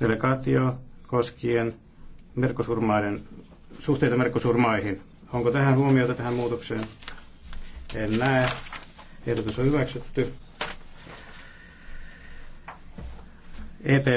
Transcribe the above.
delegaatio koskien merkosurmaiden, suhteita merkosurmaihin. Onko tähän huomiota tähän muutokseen? En näe. Ehdotus on hyväksytty. EP